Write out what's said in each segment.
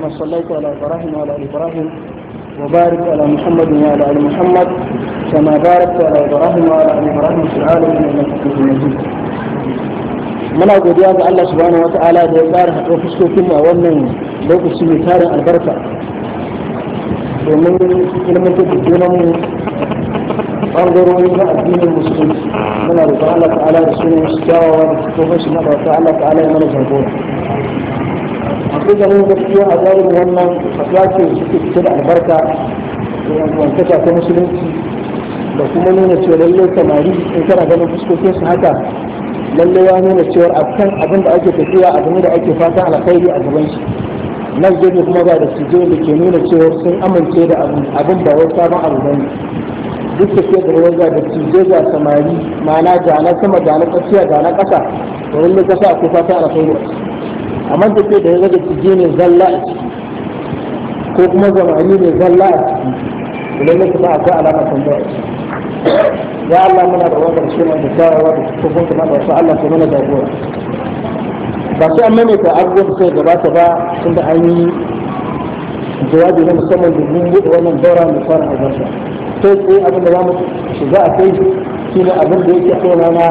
كما صليت على إبراهيم وعلى آل إبراهيم وبارك على محمد وعلى آل محمد كما باركت على إبراهيم وعلى آل إبراهيم في العالمين إنك حميد مجيد muna godiya ga Allah subhanahu wata'ala da ya tsara haɗo fuskokin mu a wannan lokaci mai tarin albarka domin ilmantar da junan mu ɓangarori na addinin musulunci muna roƙon Allah ta'ala da sunan shi kyawawa da cikin shi na Allah ta'ala ya mana jagora hakikanin gaskiya a zahirin wannan fasilace suke fito da albarka wantaka ta musulunci da kuma nuna cewa lallai samari in kana ganin fuskokin su haka lallai ya nuna cewa kan abin da ake tafiya abu ne da ake fata alkhairi a gaban shi nan gefe kuma ba da suje da ke nuna cewa sun amince da abin ba wai sabon abu bane duk da ke da ruwan ga da suje ga samari ma'ana ga na sama ga na tsakiya ga na ƙasa da lallai kasa akwai fata alkhairi a amma ta ke da ya zaga cije ne zalla a ciki ko kuma zamani ne zalla a ciki lalle kuma akwai alama tambaya a ciki. ya Allah muna da wadar suna da tsawawa da cikin kuma da wasu Allah kuma na jagora ba sai an maimaita abubuwan sai gabata ba tun da an yi jawabi na musamman domin buɗe wannan daura mai fara albarka sai tsaye abin da za mu shiga a kai shi ne abin da yake kai na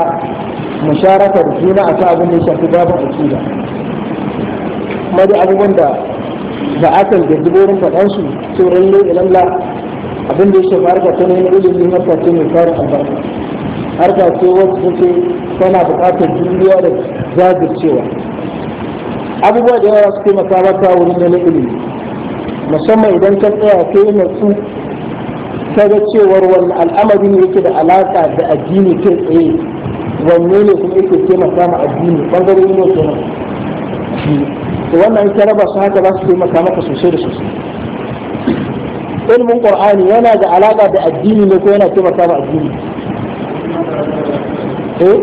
musharaka da juna a ta abin da ya shafi a akida kuma da abubuwan da ba a kan girgiborin faɗansu tsoron lai ilalla abin da ya shafi harka ta neman ilimin harka ce mai fara albarka harka ce wacce ce tana buƙatar juriya da zagircewa abubuwa da yawa su taimaka maka wurin na ilimi musamman idan ka tsaya kai natsu ta ga cewar wani al'amarin ne yake da alaƙa da addini kai tsaye wanne ne kuma yake taimaka ma addini ɓangare ne kenan to wannan ka raba su haka za su taimaka maka sosai da sosai ilmin qur'ani yana da alaka da addini ne ko yana taimaka ma addini eh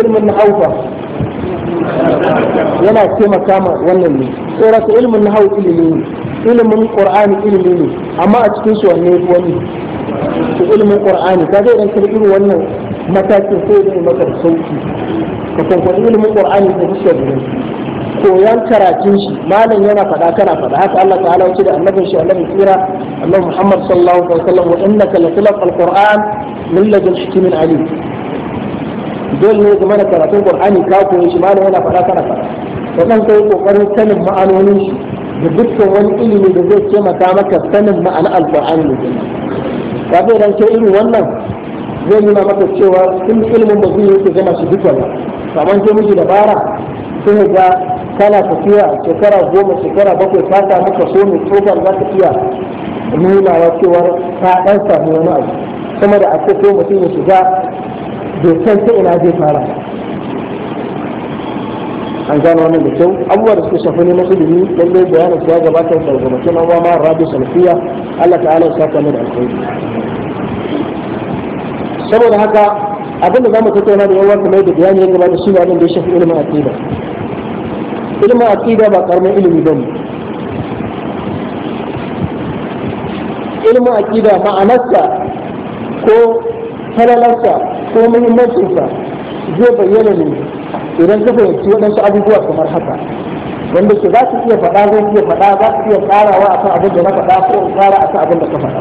ilmin nahawfa yana taimaka ma wannan ne saboda ilmin nahawu ilimi ne ilimin qur'ani ilimi ne amma a cikin su wanne wani ilmin ilimin qur'ani kaga idan ka irin wannan matakin sai da maka sauki ka kwankwaɗi ilimin qur'ani da kishiyar da koyan karatun shi malam yana faɗa kana faɗa haka Allah ta'ala ya ce da annabin shi annabin tsira annabi Muhammad sallallahu alaihi wasallam wa innaka latulaq alquran min ladun hakimin alim dole ne game da karatun qur'ani ka koyi shi malam yana faɗa kana faɗa to kan kai kokarin sanin ma'anonin shi da dukkan wani ilimi da zai taimaka maka sanin ma'anar alqur'ani ne kafin dan ke irin wannan zai nuna maka cewa sun ilimin ba zai yi gama shi duka ba kamar ce miji dabara sun ga kana tafiya shekara goma shekara bakwai ka samu kaso mai tsofar za ka iya nunawa cewar ta ɗan samu wani abu kuma da aka so mutum ya shiga bai san ta ina zai fara an gano wannan da kyau abubuwa da suka shafi ne masu ilimi lallai bayanin ya gabata da gabacin an wama rabi salfiya Allah ta'ala ya sa mu da alkhairi saboda haka abin da za mu tattauna da yawan kamar da bayani ya gabata shi ne abin da ya shafi ilimin aqida ilimin aqida ba karamin ilimi bane ilimin aqida ma'anarsa ko falalarsa ko muhimmancinsa zai bayyana ne idan ka fahimci waɗansu abubuwa kamar haka wanda ke za su iya faɗa zai iya faɗa za su iya ƙarawa a kan abin da na faɗa ko ƙara a kan abin da ka faɗa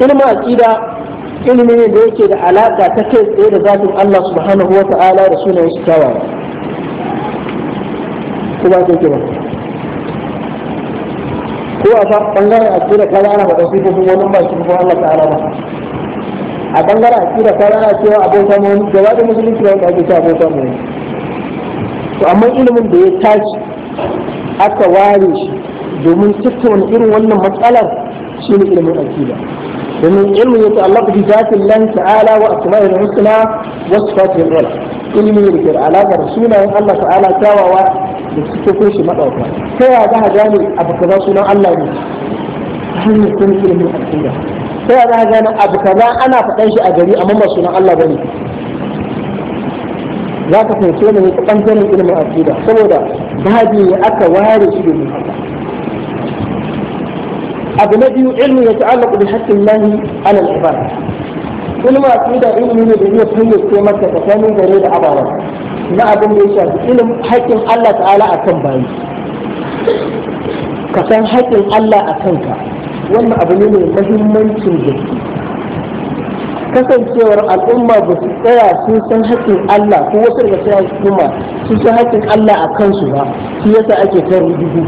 ilimin aqida ilimi ne da yake da alaka ta kai tsaye da zafin Allah subhanahu wa ta'ala da yi su kyawawa ko ba ke ba ko a ta bangaren akida kaza ana faɗa sifofin wani ba sifofin Allah ta'ala ba a bangaren akida kaza ana cewa abota mu wani gaba da musulunci ba wanda ake cewa abota mu wani to amma ilimin da ya tashi aka ware shi domin tattauna irin wannan matsalar shi ne ilimin akida domin ilmin ya ta'allaka bi zatin lan ta'ala wa asma'il husna wa sifatil ula ilmi da ke alaƙar sunayen Allah ta'ala kyawawa da suke kun shi madauka ta ya za a gane abu kaza sunan Allah ne ta hanyar kun ilmin aqida ta ya za a gane abu kaza ana faɗan shi a gari amma ba sunan Allah bane za ka fahimce ne ta ɓangaren ilmin aqida saboda babi ne aka ware shi domin Allah abu na biyu ilmi ya ta'allaqu bi haqqin lahi ala al-ibad ilma aqida ilmi ne da zai fayyace maka tsakanin gare da abawa na abin da ya shafi ilm haƙƙin Allah ta'ala akan bayi ka san haƙƙin Allah a kanka wannan abu ne mai muhimmancin gaske kasancewar al'umma ba su tsaya sun san haƙƙin Allah ko wasu daga cikin al'umma sun san haƙƙin Allah a kansu ba shi yasa ake ta rubutu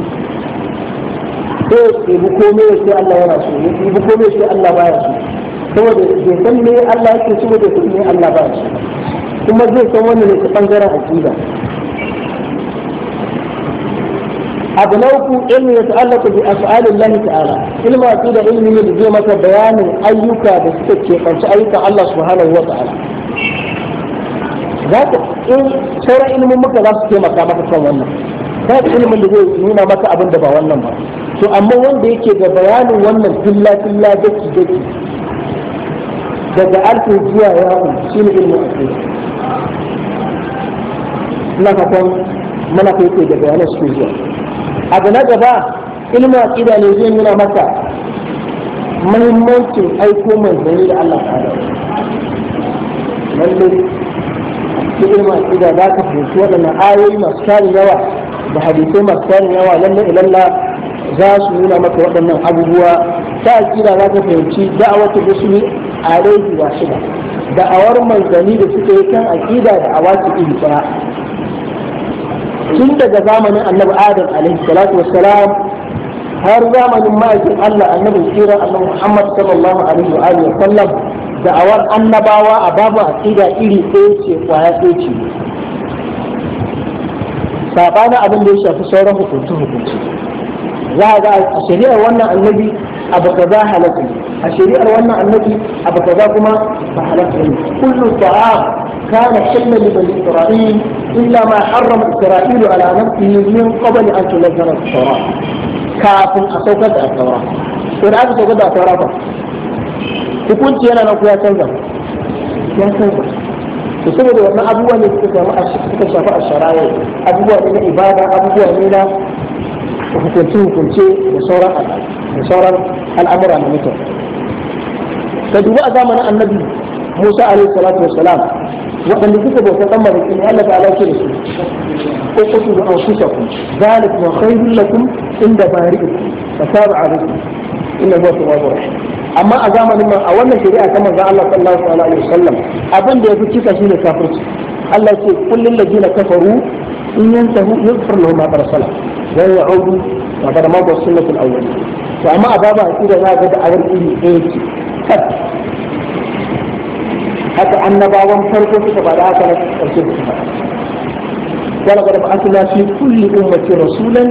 ko ya ɗebi komai ya ce Allah yana so ya ɗebi komai ya ce Allah baya so saboda bai san me Allah yake so bai san me Allah baya so kuma zai san wannan ne ta bangaren aqida abu na uku ilmi ya ta'allaka bi af'alin Allah ta'ala ilmi aqida ilmi ne da zai maka bayanin ayyuka da suka ke kanci ayyukan Allah subhanahu wa ta'ala za ka in sauran ilmin muka za su taimaka maka kan wannan ba ilimin da zai nuna maka abin da ba wannan ba to amma wanda yake da bayanin wannan filla filla daki daki daga alfi zuwa yawon shi ne ilimin Na ka fatan mana kai kai da bayanan su zuwa ga na gaba ilimin aqida ne zai nuna maka muhimmancin aiko mai zai da Allah ta'ala lallai ilimin aqida da ka fahimci waɗannan ayoyi masu tarin yawa da hadisai masu tarin yawa lalle ilalla za su nuna maka waɗannan abubuwa ta akida za ka fahimci da'awatul a alaihi wa shida da'awar manzanni da suke kan akida da awaki iri daya tun daga zamanin annabi adam alaihi salatu wassalam har zamanin ma'aikin Allah annabi kira annabi Muhammad sallallahu alaihi wa alihi wa sallam da'awar annabawa a babu aqida iri ɗaya ce kwaya ɗaya ce سابانا أبن ليش في سورة حكمته حكمته لا دا الشريعة وانا النبي أبو كذا حلقه الشريعة وانا النبي أبو كذا كما كل الطعام كان حلما لبني إسرائيل إلا ما حرم إسرائيل على نفسه من قبل أن تنزل التوراة كافٍ أسوكة التوراة إن أبو كذا التوراة حكمتي أنا نقول يا يا سيدنا to saboda wannan abubuwa ne suka samu suka shafi a sharaye abubuwa ne na ibada abubuwa ne na hukunce hukunce da sauran da sauran al'amura na mutum ka duba a zamanin annabi Musa alaihi salatu wassalam waɗanda suka bauta ɗan mariki ne Allah ta'ala ce da su ko kuku da anfusakum zalik wa khairul lakum inda bari'ikum fa tabi'a alaikum inna huwa tawwabur rahim amma a zamanin nan a wannan shari'a ta manzon Allah sallallahu alaihi wasallam abin da yafi kisa shine kafirci Allah ce kullun ladina kafaru in yantahu yaghfir lahum ma qad sala wa ya'udu ma qad ma sunnatu al-awwal to amma a baba akida za ga da awar iri ɗaya ce haka annabawan farko suka bada haka na ƙarshe suka bada ولقد بعثنا في كل أمة رسولا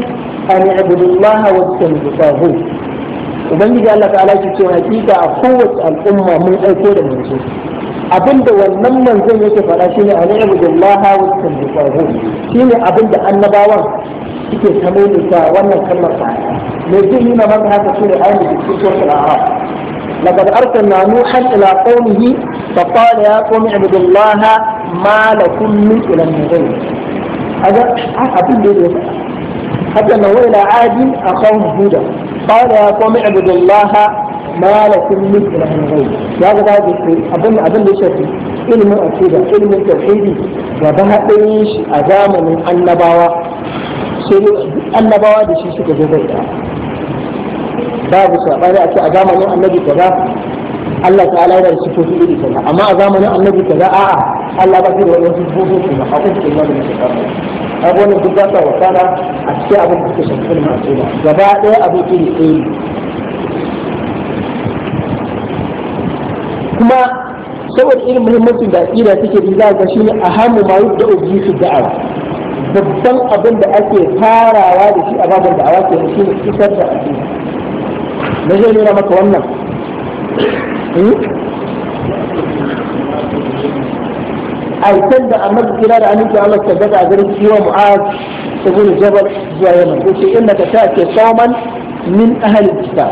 أن اعبدوا الله واجتنبوا الطاغوت ubangiji Allah ta'ala ke cewa hakika a kowace al'umma mun aiko da manzo abinda wannan manzon yake faɗa shine an ibudullah wa tabiqahu shine abinda annabawan suke ta maimaita wannan kalmar ta me zai nuna maka haka shine ayatul cikin suratul لقد أرسلنا نوحا إلى قومه فقال يا قوم اعبدوا الله ما لكم من إله غيره هذا أبن حتى أنه إلى عاد أخاهم هودا قال يا قوم اعبدوا الله ما لكم من اله غيره يا جماعه abin abin da shafi ilimin aqida ilimin tauhidi gaba ɗayan shi a zamanin annabawa sai annabawa da shi suka zo gaida babu sabani a ce a zamanin annabi kaza Allah ta yana da sifofi iri kaza amma a zamanin annabi kaza a'a Allah ba shi da wannan sifofi kuma a hukuncin wannan shekara a wani duk ba sa wakana a cikin abin da suka shafi ilimin aqida gaba ɗaya abin iri ɗaya kuma saboda irin muhimmancin da aqida take da za ga shine ahammu ma yubda bi fi da'awa babban abin da ake farawa da shi a babin da'awa ke shi ne isar da aqida na zai nuna maka wannan hmm? aikan da annabi kira da aminci Allah ta daga garin ciwon mu'az sabon jabal zuwa yaman ko ce inna ka ta ke sauman min ahli kitab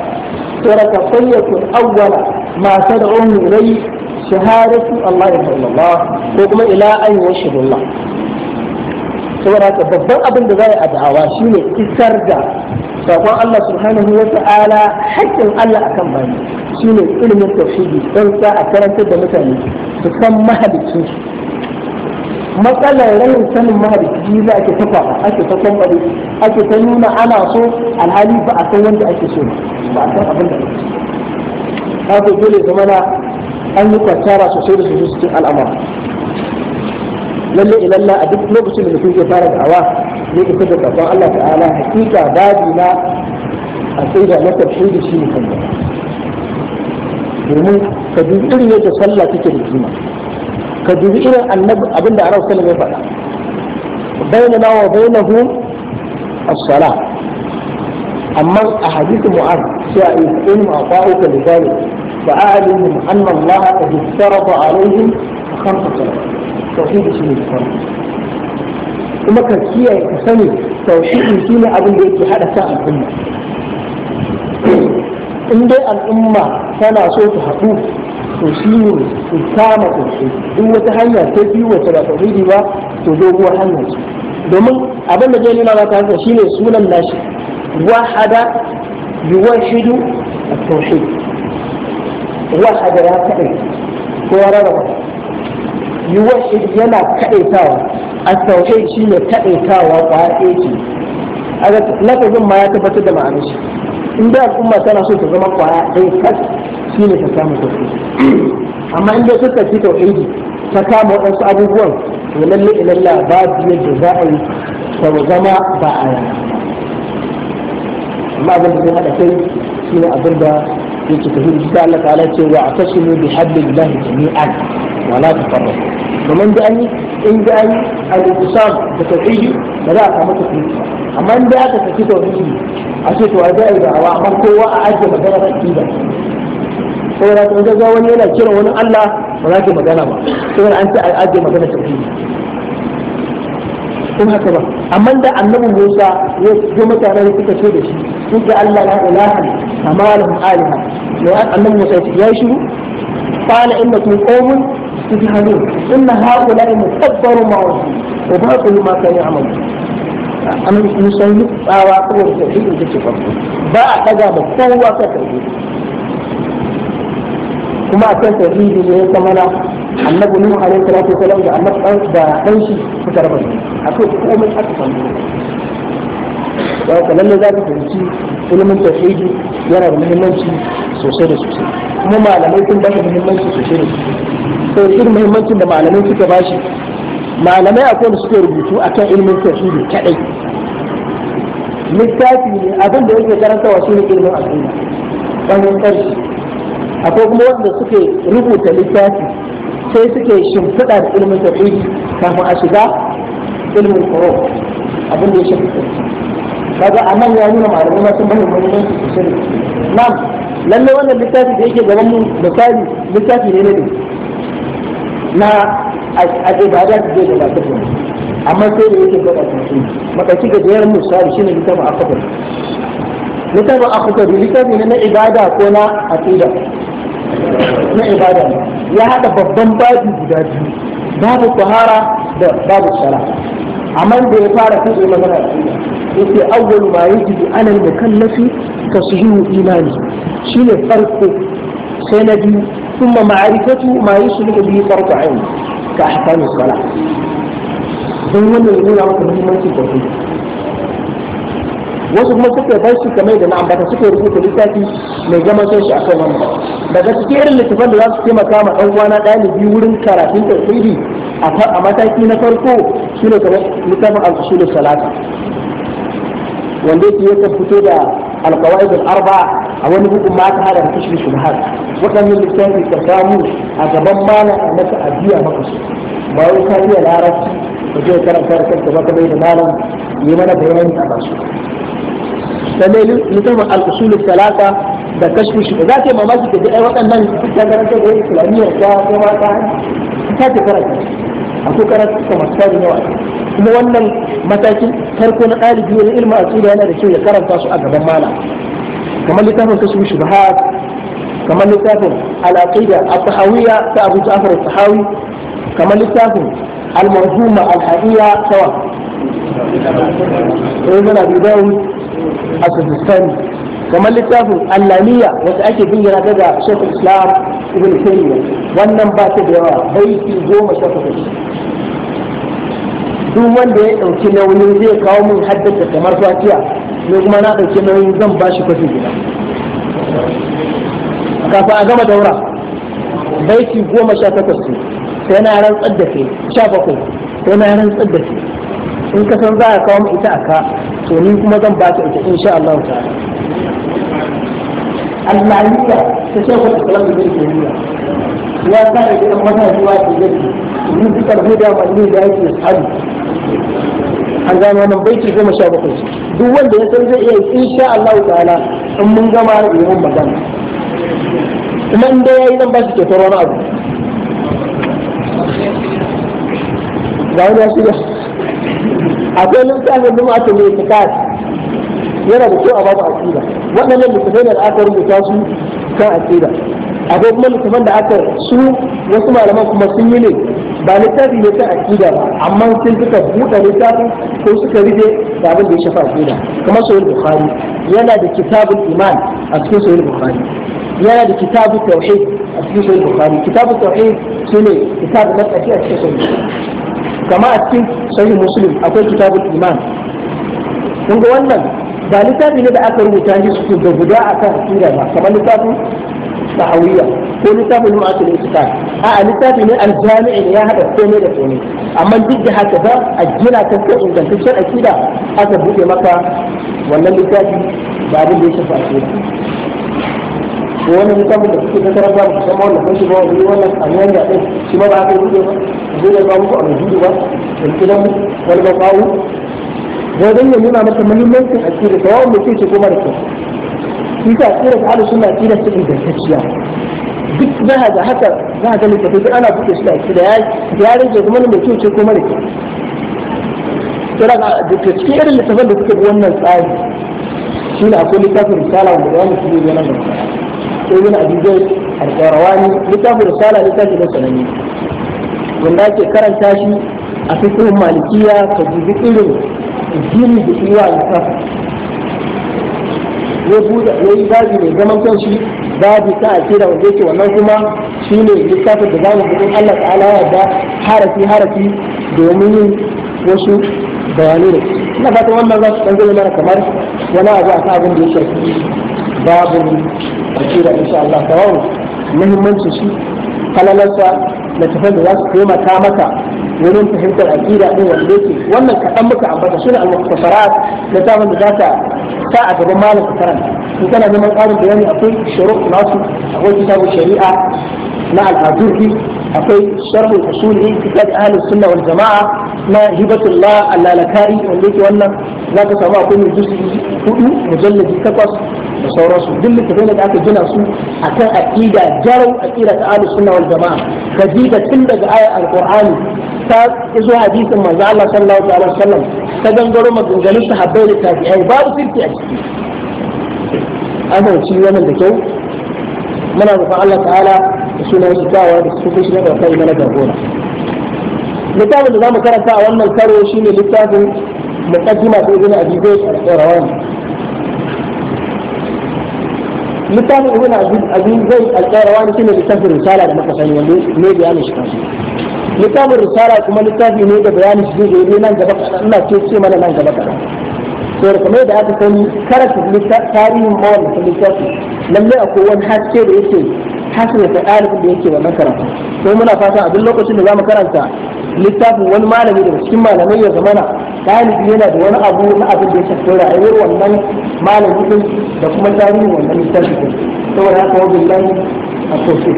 saraka sayyatu awwala ma tad'un ilay shahadatu Allah ya Allah ko kuma ila an yashhadu Allah saboda haka babban abin da za a yi a da'awa shi ne isar da sakon Allah subhanahu wa ta'ala haƙƙin Allah a akan bani ne ilimin tafsiri don za a karantar da mutane su san mahalicin matsalar rayin sanin mahalicci za ke tafa ake ta kwamfani ake ta nuna ana so alhali ba a san wanda ake so ba a san abin da ake so haka dole zama na an yi kwanciyara sosai da sosai cikin al'amura lalle ilalla a duk lokacin da mutum ke fara ne ke isa da sakon Allah ta'ala hakika babi na a sai da nasar shi da shi ne kan domin ka dubi irin yadda sallah take da kima ka dubi irin annabi abinda a rasu ya faɗa bayna na wa bayna hu as-sala amma a hadithu mu'ar sai a yi in ma fa'u ka lidali fa a'lamu anna Allah qad farada alaihim khamsa salat tauhid shi ne kuma ka kiyaye ka sani tauhidi shi ne abin da yake hada kan al'umma in dai al'umma tana so ta haɗu to shi ne su kama ƙarshe in wata hanya ta biyu wata ba tauhidi ba to doguwar hanya ce domin abin da zai nuna maka shi shine sunan nashi wahada a at-tauhid wahada ya kaɗai ko ya rarraba yuwahid yana kadaitawa a tauhid shine kadaitawa kwaɗe ce lafazin ma ya tabbatar da ma'anashi in da al'umma tana so ta zama kwaya ɗaya shi ne ta samu sauki amma in dai suka ci tauhidi ta kama wasu abubuwan to lalle ilalla ba babu da za a yi ta zama ba a yi amma abin da zai haɗa kai shi ne abin da yake tauhidi ta Allah ta'ala ce wa atasimu bi hablillahi jami'an wa la tafarraqu domin da an yi in da an yi al-isam da tauhidi ba za a samu tauhidi amma in da aka saki tauhidi a ce to a da da'awa amma kowa a ajiye magana ta ba. sai da kun wani yana kiran wani Allah ba za ka magana ba sai an ta ajiye magana ta kuma kun haka ba amma da annabi Musa ya mutane mutanen suka ce da shi sun ga Allah la ilaha kama lahum aliha lawan annabi Musa ya shiru qala innakum qawmun tujhalun inna haula'i mutabbaru ma'ruf wa baqilu ma kanu ya'malun an musan yi tsawa kawai da shi da ba a daga ba kowa ka karbi kuma akan tauhidi ne ya zama na annabi nuhu alaihi salatu wasalam da annabi dan da dan shi suka raba shi akai komai aka samu da lalle za ka fahimci ilimin tauhidi yana da muhimmanci sosai da sosai kuma malamai sun ba muhimmanci sosai da sosai sai irin muhimmancin da malamai suka bashi, malamai akwai da suke rubutu akan ilimin tauhidi kadai littafi ne abin da yake karantawa shine ilimin al'umma ɗan wani akwai kuma wanda suke rubuta littafi sai suke shimfiɗa da ilimin tauhidi kafin a shiga ilmin koro abin da ya shafi kaga a nan ya nuna malamai ma sun su su sosai nan lalle wannan littafi da yake gaban mu misali littafi ne ne na a ibada da zai gabatar da amma sai da yake gaba da su makaci ga jiyar misali shine littafin akhbar littafin akhbar littafi ne na ibada ko na akida ya haɗa babban babu guda biyu babu tahara da babu tsara amma da ya fara kai magana ya ce awwal ma yake bi anan da kan nafi tasihihu imani shine farko sai na biyu kuma ma'arifatu ma yusu da biyu farko ainihi ka ahkamu sala don wannan ne ya muku muhimmanci da kuma wasu kuma suka bar shi kamar da na ambata suka rubuta littafi mai zaman kanshi a kan wannan daga cikin irin littafan da za su taimaka ma ɗan uwana ɗalibi wurin karatun tauhidi a mataki na farko shine kamar littafin al-usul salata wanda yake yakan fito da al-qawaid al-arba a wani hukun ma aka hada da kashfi subhan waɗannan littafi ka samu a gaban malam a masa abiya maka su ba wai ka iya larabci ka je karanta da kanka ba ka bai da malam yi mana bayani a basu sannan littafin al-usul salata da kashfu shi za ka yi mamaki ka ji ai waɗannan ta karanta da islamiyya ta kuma ta ta ta karanta akwai karanta ta masu yawa kuma wannan matakin farko na ɗalibi wani ilmin asiri yana da kyau ya karanta su a gaban mala kamar littafin kashfu shi ba kamar littafin al-aqida at-tahawiyya ta Abu Ja'far al-Tahawi kamar littafin al-marhuma al-hadiya sawa eh mana bi dawud as-sistani kamar littafin allaniya wanda ake bayyana daga shekul islam ibn taymiyyah wannan ba ta da yawa fi goma sha takwas duk wanda ya ɗauki nauyin zai kawo min haddasa kamar fatiya ne kuma na ɗauki nauyin zan ba shi kwafi gida kafin a gama daura baiti goma sha takwas sai na rantsar da kai sha bakwai sai na rantsar da kai in ka san za a kawo mu ita a ka to ni kuma zan ba ka ita insha Allah ta'ala al-maliya ta ce ku kula da yake nuna ya ka da gidan mata zuwa da yake ni duka huda manni da yake sabu an gano wannan baiti goma sha bakwai duk wanda ya san zai iya insha Allah ta'ala in mun gama da magana kuma inda ya yi zan ba shi kyautar wani abu ga wani ya shirya akwai littafin lumatu mai tikad yana da kyau a babu aqida waɗannan littafai da aka rubuta su kan aqida akwai kuma littafan da aka su wasu malaman kuma sun yi ne ba littafi ne kan aqida ba amma sun suka buɗe littafi ko suka rufe da abin da ya shafa aqida kuma sahih bukhari yana da kitabul iman a cikin sahih bukhari yana da kitabul tauhid a cikin sahih bukhari kitabul tauhid shine kitabul matsafi a cikin sahih kama a cikin sahih muslim akwai kitabul iman kun ga wannan ba littafi ne da aka rubuta shi su da guda akan akida ba kamar littafin sahawiya ko littafin mu'atul istiqam a a littafi ne aljami'i ya hada komai da komai amma duk da haka ba a gina ta ko ingantaccen akida aka buɗe maka wannan littafi ba abin da ya shafi wani littafin da kuke tattara ba ku san wannan kun shiga wani wannan aniyan da ɗin shi ma ba haka yi ba zai da ba muku a rubutu ba da gidan wani ba kawo zai dan ya nuna masa muhimmancin akida da yawan mutum ce kuma da kyau shi ta akida ta halin suna akida ta ingantacciya duk za a ga haka za a ga littafin duk ana buɗe su da akida ya rage kuma da mutum ce kuma da kyau kira ga da cikin irin littafin da kuka bi wannan tsari shi ne akwai littafin risala wanda za mu shi ne nan da sai wani abijai alƙarawani littafin risala littafin da sanani wanda ake karanta shi a fikin malikiya ka dubi irin jini da iya littafin ya buɗe ya yi babi mai zaman shi babi ta a akira wanda yake wannan kuma shi ne littafin da zamu buɗin Allah ta'ala ya da harafi harafi domin yin wasu bayanai da ina fata wannan za su ɗan zai mana kamar wani abu a kan abin da ya shafi Babu babin akira insha Allah tawawu muhimmancin shi falalarsa na tafiyar da su taimaka maka wurin fahimtar akida din wanda yake wannan kaɗan muka ambata shi ne al-mukhtasarat na tafin da za ta sa a gaban malam karanta in kana neman ƙarin bayani akwai shuruq nasu akwai kitabun shari'a na al-azurri akwai sharhul usul din kitab ahlus sunna wal jama'a na hibatullah al-lalakari wanda yake wannan za ka samu akwai mai juz'i hudu mujalladi takwas da sauransu duk littafai da aka gina su akan aqida jarau aqida ta ahlus sunna wal jamaa kadida tun daga ayar alqur'ani ta iso hadisin manzo Allah sallallahu alaihi wasallam ta gangaro maganganun sahabbai da tabi'ai babu sirki a ciki amince wannan da kyau muna roƙon Allah ta'ala da sunan shi tawa da su fushi na ƙarfai mana jagora littafin da zamu karanta a wannan karo shine littafin muqaddima ta ibn abi zayd al-qirawani littafin ibn abin zai alƙarawa ne shine littafin risala da muka sani wanda ne bayanin shi kansu littafin risala kuma littafi ne da bayanin shi zai yi nan gaba kaɗan ina ce ce mana nan gaba kaɗan to da kamar da aka sani karanta tarihin mawallafin littafi lallai akwai wani haske da yake hasrata ɗalibin da yake wannan karatu ko muna fata a duk lokacin da za mu karanta littafin wani malami daga cikin malamai ya zamana ɗalibi yana da wani abu na abin da ya shafi rayuwar wannan malami din da kuma tarihin wannan littafin din saboda haka wajen nan a kofi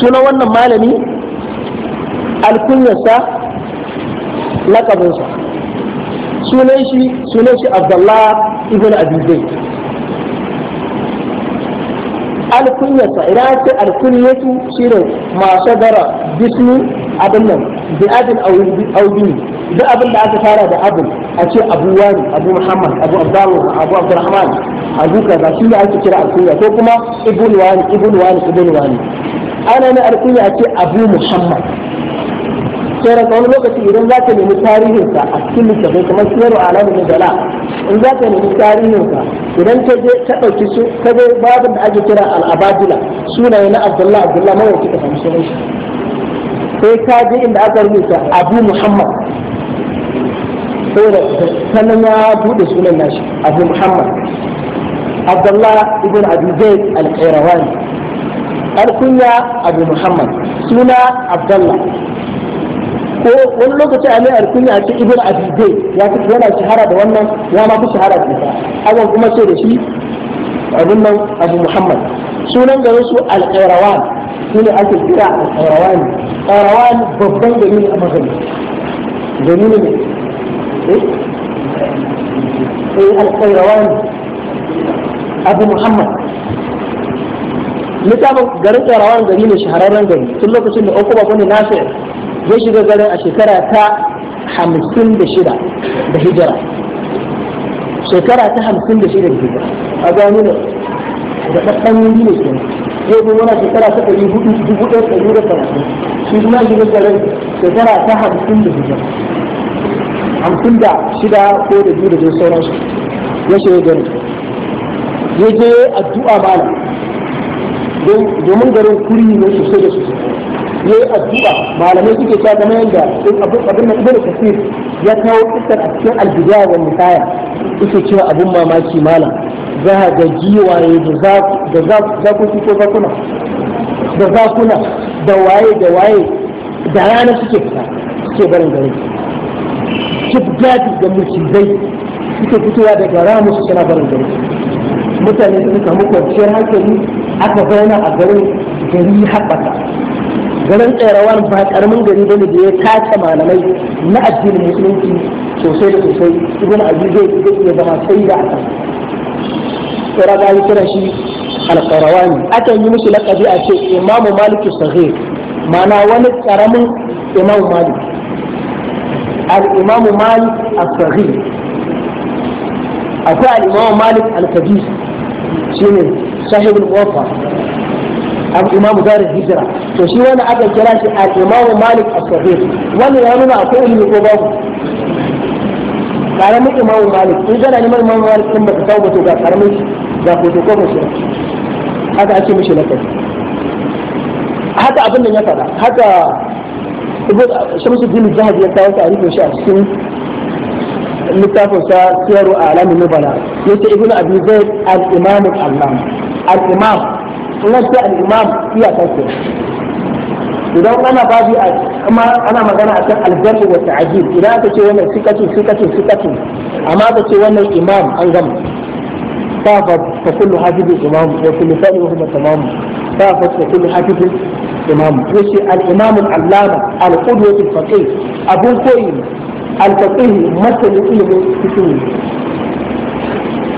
sunan wannan malami alkunyarsa lakabinsa sunan shi sunan shi abdullah ibn abi alkunyarsa idan an ce shi ne masu gara bismi abin nan bi adin aubini duk abin da aka fara da abin a ce abu wani abu muhammad abu abdallah abu abdurrahman abu kaza shi ne ake kira alkunya ko kuma ibn wani ibn wani ibn wani ana ne alkunya a ce abu muhammad sauran wani lokaci idan za ka nemi tarihinsa a cikin littafai kamar siyar alamun dala in za ka nemi tarihinsa idan ka je ta ɗauki su ka je babin da ake kira al'abadila sunaye na abdullahi abdullahi mawar kika samu sunan shi sai ka je inda aka rubuta abu muhammad saboda sannan ya buɗe sunan nashi abu muhammad abdullahi ibn abu zaid al-qayrawani alkunya abu muhammad suna abdullahi ko wani lokaci a mai alkunya a ce ibn abidai ya fi yana shahara da wannan ya ma fi shahara da ita abin kuma ce da shi abin nan abu muhammad sunan garin su alƙairawan shine ake kira alƙairawan ƙairawan babban gari ne a magana gari ne eh, eh alƙairawan abu muhammad littafin garin ƙairawan gari ne shahararren gari tun lokacin da okuba ne nasir ya shiga garin a shekara ta hamsin da shida da hijira shekara ta hamsin da shida da hijira a gano da ɗaɗɗan wuri ne kenan yau kuma wani shekara ta ɗari hudu dubu ɗaya ɗari da talatin shi kuma shiga garin shekara ta hamsin da hijira hamsin da shida ko da biyu da dai sauransu ya shiga garin ya je addu'a malam domin garin kuri ne sosai da sosai ya yi addu'a malamai suke cewa kamar yadda abin da ibnu kasir ya kawo kisar a cikin albidaya wa misaya yake cewa abin mamaki malam za ga giwaye da za ku fito zakuna da zakuna da waye da waye da rana suke fita suke barin garin gadi da musulmai suke fitowa daga ramu su suna barin garin mutane suka muku kwanciyar hankali aka zauna a garin gari haɓaka garin tsayarawan ba karamin gari bane da ya tace malamai na addinin musulunci sosai da sosai ibn abi zai iya zama sai da akan tsara ga yi kiran shi alƙarawani akan yi musu laƙabi a ce 'Imam malik sahih mana wani karamin Imam malik al-imamu malik as-sahih akwai al-imamu malik al-kabir shine sahibul muwaffa أبو إمام دار الهجرة وشي وانا أبا جلاشي الإمام مالك الصغير وانا يامنا أقول إلي قباب قال من إمام مالك إذا أنا من إمام مالك ثم كتوبة وقال قرمش ذاكو تقوم وشي هذا أشي مشي لك حتى أظن أن يفعل حتى شمس الدين الزهد يتعرف تعريف وشي أشي لتفوسا سيروا أعلام النبلاء يتعبون أبي زيد الإمام الإمام الإمام nan sai al-imam iya kansa idan ana babi a kuma ana magana akan al-jarh wa ta'dil idan aka ce wannan sikatu sikatu sikatu amma aka ce wannan imam an gama fa fa kullu hafiz imam wa kullu sa'i wa huwa tamam fa fa kullu hafiz imam yace al-imam al-allama al-qudwa al-faqih abun koyi al-faqih masalin ilimin fiqh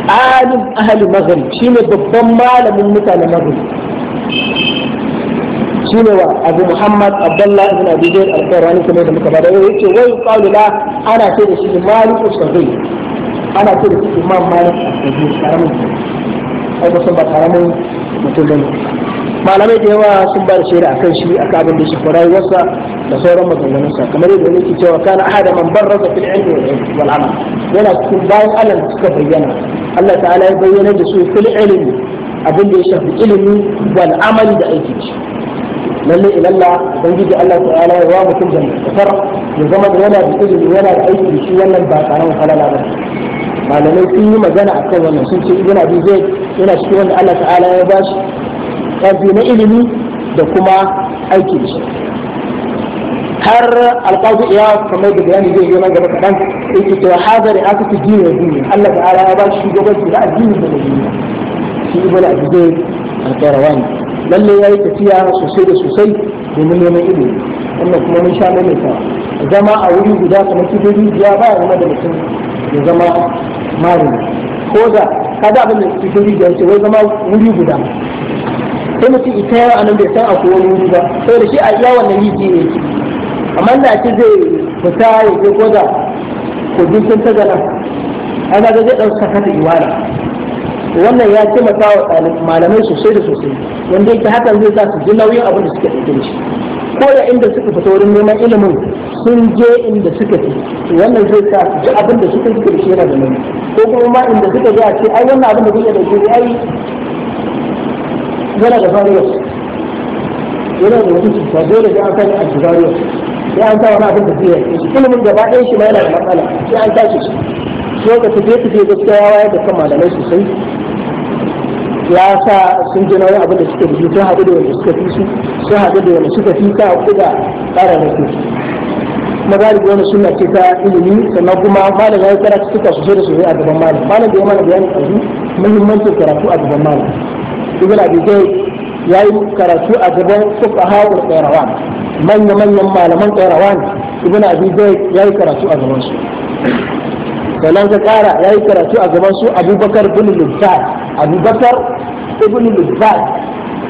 alim ahli maghrib shine babban malamin mutanen maghrib ne wa abu muhammad abdullah ibn abi zaid al-qurani kuma da muka bada yace wai yuqalu la ana ce da shi malik usabi ana ce da shi imam malik usabi karamin ai ba san ba karamin mutum bane malamai da yawa sun ba da shaida kan shi a abin da shi farai wasa da sauran maganganunsa kamar yadda wani ke cewa kana ahada man barraza fil ilmi wal amal yana cikin bayan Allah da suka bayyana Allah ta'ala ya bayyana da su fil ilimi abin da ya shafi ilimi wal amali da aiki lalle ilalla ubangiji Allah ta'ala ya wa mutum jannatar ya zama da yana da ilimi yana da aiki shi wannan ba karamin halala ba malamai sun yi magana akan wannan sun ce yana cikin wanda Allah ta'ala ya bashi ƙarfi na ilimi da kuma aiki da shi har alƙazi ya kamar da bayani zai yi nan gaba kaɗan yake cewa haza hazari aka fi dini da duniya Allah ta'ala ya ba shi shugabanci da addini da duniya shi ibn abdul al-qarawani lalle ya yi tafiya sosai da sosai domin neman ido. wannan kuma mun sha mai ta zama a wuri guda kamar kifofi ya ba ya zama da mutum ya zama malami ko da kada abin da kifofi ya ce wai zama wuri guda sai mutum ita yawa a nan bai san akwai wani wuri ba sai da shi a iya wannan yake yake amma da ake zai fita ya je goza ko dusun ta gana ana ga zai ɗauka kasa iwana wannan ya taimaka wa malamai sosai da sosai wanda yake hakan zai sa su ji nauyin abin da suke ɗauke da shi ko da inda suka fita wurin neman ilimin sun je inda suka fi wannan zai sa su ji abin da suka suke da shi yana da nauyi ko kuma ma inda suka je a ce ai wannan abin da kuke da shi ai yana da various yana da wani cuta dole da an sani a various sai an sa wani abin da zai yi ilimin gaba ɗaya shi ma yana da matsala sai an tashi shi so da tafiye tafiye gaskiya ya wayar da kan malamai sosai ya sa sun ji nauyin abin da suke da sun haɗu da wanda suka fi su sun haɗu da wanda suka fi ka kuɗa ƙara na su kuma galibi wani suna ce ta ilimi sannan kuma malamai ya yi karatu suka sosai da sosai a gaban malam malam da ya mana bayanin ƙarfi muhimmancin karatu a gaban malam ibn abi ya yi karatu a gaban fuqaha wal qayrawan manya-manyan malaman kairawa ne ibn abi zai ya yi karatu a gaban su sannan ka kara ya yi karatu a gaban su abubakar ibn lubbad abubakar ibn lubbad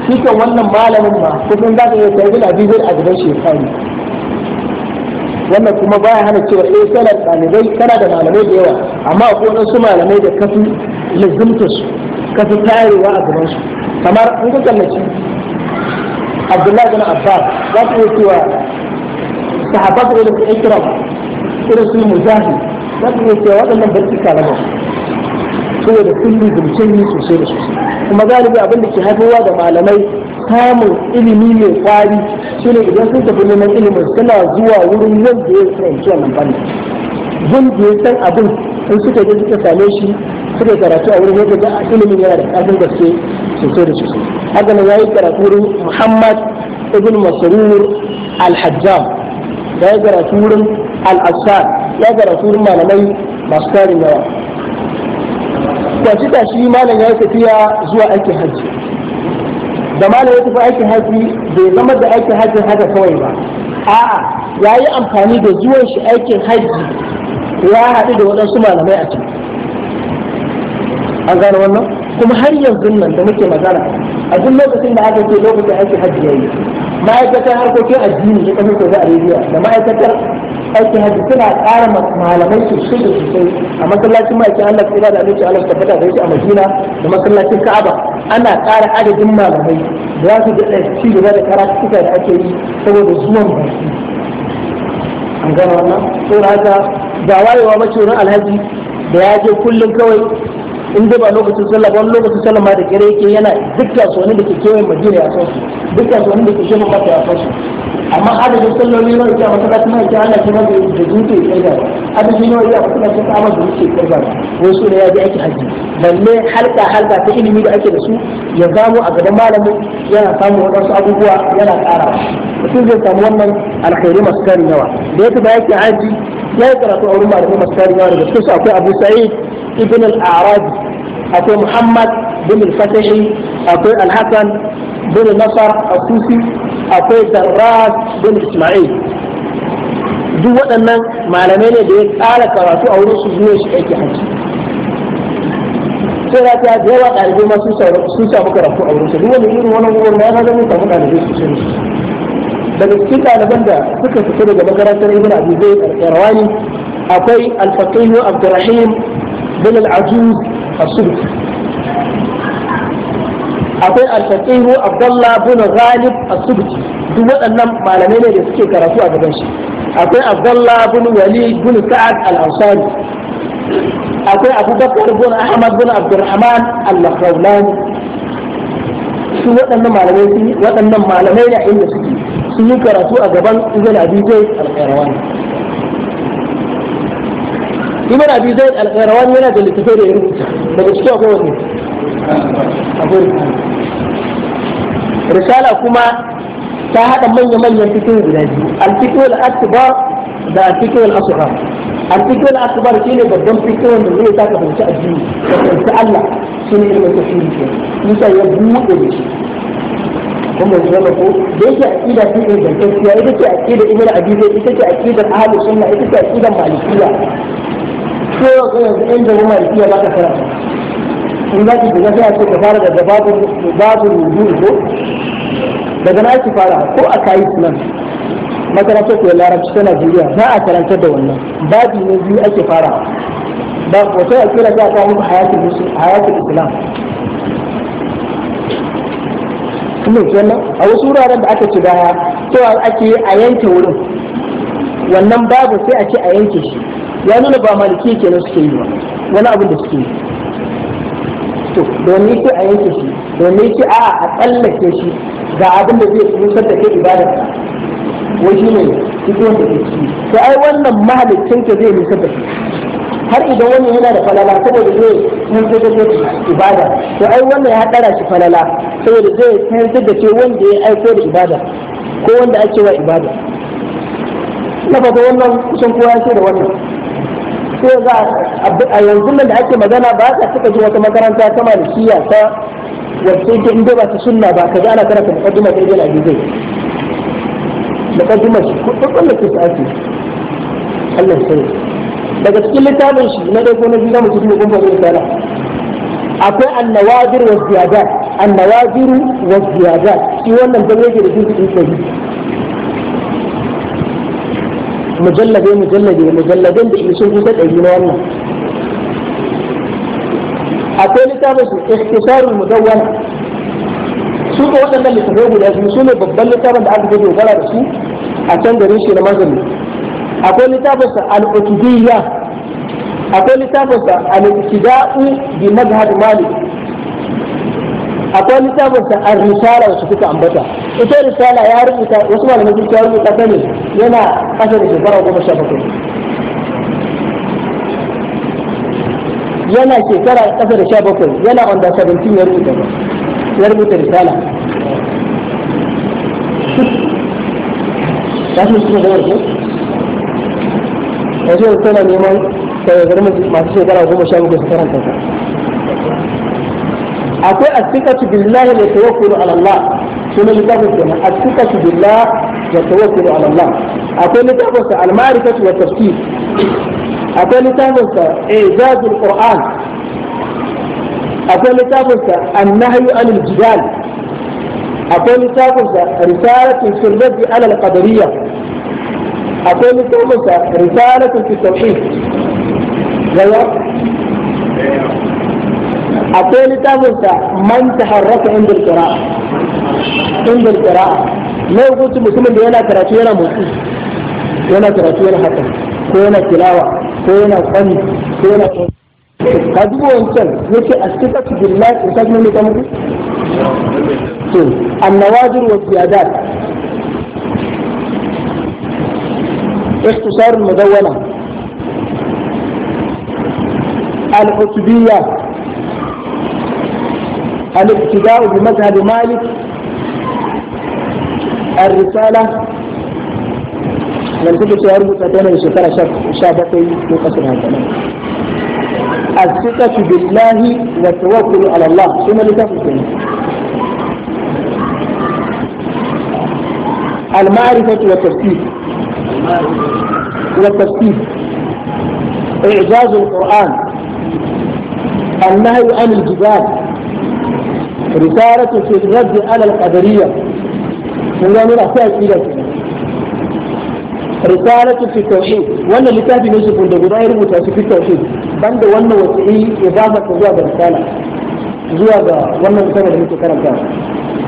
shi kan wannan malamin ma kusan za ka iya sai ibn abi zaid a gaban shi wannan kuma baya hana cewa eh kana ɗalibai kana da malamai da yawa amma akwai wasu malamai da kafi lazimta su kafi tarewa a gaban su kamar in ka kallaci abdullahi bin abbas za su iya cewa sahabbat da su ikram irin su mujahid za su iya cewa waɗannan barci kalama saboda sun yi zumcen sosai da sosai kuma galibi abin da ke haifarwa da malamai samun ilimi mai kwari shine idan sun tafi neman ilimin suna zuwa wurin wanda ya fahimci wannan fannin wanda ya san abin in suka je suka same shi suka karatu a wurin yadda ilimin yana da ƙarfin gaske sosai da sosai haka nan yayi karatu wurin Muhammad ibn Masrur al-Hajjam da ya karatu wurin al-Assad ya karatu wurin malamai masu tarin yawa kwaci tashi malam ya tafiya zuwa aikin haji, da malam ya tafi aikin haji bai zama da aikin haji haka kawai ba a'a ya yi amfani da zuwan shi aikin haji, ya haɗu da waɗansu malamai a can an gane wannan kuma har yanzu nan da muke magana a duk lokacin da aka ce lokacin aikin hajji yayi ma'aikatar harkokin addini ta kasar Saudi Arabia da ma'aikatar aikin hajji suna ƙara malamai sosai da sosai a masallacin ma'aikin Allah tsira da alaihi Allah tabbata da yake a Madina da masallacin Ka'aba ana ƙara adadin malamai da za su da ci gaba da karatuka da ake yi saboda zuwan baki an gano wannan saboda haka ba wayewa mace wurin alhaji da ya je kullum kawai in dai ba lokacin sallah ba wani lokacin sallah ma da kare yake yana dukkan su wani da ke kewayen madina ya san su dukkan su wani da ke kewayen maka ya san su amma adadin salloli na yake a masallaci ma yake Allah ke ma da zuke kai da adadin nawa yake a masallaci ta amma da zuke kai da wai su ne ya bi ake haji balle halka halka ta ilimi da ake da su ya zamo a gaban malamin yana samun wadansu abubuwa yana karawa mutum zai samu wannan alkhairi masu tarin yawa da yake ba yake haji ya yi karatu a wurin malamin masu tarin yawa daga cikin su akwai abu sa'id ابن الأعراب أكو محمد بن الفتحي أكو الحسن بن نصر السوسي أكو دراس بن إسماعيل duk waɗannan malamai ne da ya ƙara karatu a wurin su zuwa shi aiki hajji sai da ta da yawa ɗalibai ma sun samu karatu a wurin su duk wani irin wani wurin ma ya zama samu ɗalibai su sun daga cikin ɗaliban da suka fito daga makarantar ibn abu zai rawani akwai alfaqihu abdurrahim من العجوز الصدق akwai alfaqihu abdullah bin ghalib as-subti duk waɗannan malamai ne suke karatu a gaban shi akwai abdullah bin walid bin sa'ad al akwai abubakar bin ahmad bin abdurrahman su waɗannan malamai su waɗannan malamai ne inda suke sun yi karatu a gaban ibn abi ibn abi zaid al yana da littafai da ya daga ciki akwai wani risala kuma ta haɗa manya-manyan fikihu guda biyu al-fikihu da al-fikihu al-asghar al-fikihu shine babban fikihu da zai saka fahimci addini da fahimci Allah shine ilmin tafsiri ke Musa ya buɗe da shi kuma ya zama ko da yake aqida ta ingantacciya ita ce aqida ita ce ita ce malikiyya sai yau kai yanzu ɗan jaru malikiya ba ka karanta in za ki shiga sai a ce ka fara daga babu rubutu ko daga na ki fara ko a kayi nan makarantar koyon larabci ta najeriya za a karantar da wannan babu ne biyu ake fara ba wata ya kira za a kawo muku hayatul islam kuma kenan a wasu wuraren da aka ci baya cewa ake a yanke wurin wannan babu sai a ce a yanke shi ya nuna ba maliki kenan suke yi ba wani abin da suke yi to domin sai a yanke shi domin sai a a tsallake shi ga abin da zai kuma da ke ibadar wani shi ne cikin wanda ke ciki to ai wannan mahalicin ka zai nisa da shi har idan wani yana da falala saboda zai nusar da kai ibada to ai wannan ya haɗara shi falala saboda zai nusar da ke wanda ya aiko da ibada ko wanda ake wa ibada na da wannan kusan kowa ya ce da wannan sai ga a yanzu nan da ake magana ba ka cika ji wata makaranta ta malikiya ta wacce ke inda ba ta sunna ba ka ji ana karanta muqaddima ta ibn abi zayd muqaddima shi kullum da kusa ake Allah sai daga cikin littafin shi na dai ko na biyu zamu ci ne kuma da tsara akwai annawadir wa ziyadat annawadir wa ziyadat shi wannan dan yake da cikin mujallabe mujallabe mujallaben da isun kusa ɗari na wannan akwai littafin su ikhtisarul mudawwana su ga waɗannan littafai guda biyu su ne babban littafin da aka fi dogara da su a can garin shi na mazali akwai littafin sa al-utubiyya akwai littafin sa al-ibtida'u bi madhhab malik akwai littafin sa ar-risala wacce kuka ambata ita risala ya rubuta wasu malamai sun rubuta ta ne yana ƙasa da shekara goma sha bakwai yana shekara ƙasa da sha bakwai yana wanda sabantin ya rubuta ya rubuta risala ta su suna zama ko yanzu yanzu tana neman sayar masu shekara goma sha bakwai su karanta ta akwai asikatu billahi da tawakkulu ala Allah sunan littafin kenan asikatu billahi يتوكل على الله أقول لتابوس المعرفة والتفكير أقول لتابوس إعجاز القرآن أقول لتابوس النهي عن الجدال أقول لتابوس رسالة في الرد على القدرية أقول لتابوس رسالة في التوحيد أقول لتابوس من تحرك عند القراءة عند القراءة mai hukuncin mutumin da yana karatu yana motsi yana karatu yana haka ko yana tilawa ko yana kwani ko yana ka duba wancan yake a cikin kasu billahi in kasu ne kan ku to annawajir wa ziyadat اختصار المدونة الحسبية الابتداء بمذهب مالك الرسالة لم تكن يا رب لشكرة شكرا مقصر هذا الثقة بالله والتوكل على الله ثم لتفكر المعرفة والتفكير والتفكير إعجاز القرآن النهي عن الجدال رسالة في الرد على القدرية يعني راح تعيش الى رسالة في التوحيد وانا اللي كان في نصف عند غير في التوحيد بند وانا وسعي اضافة زوا رسالة، زوا وانا مسمى اللي تكرم كان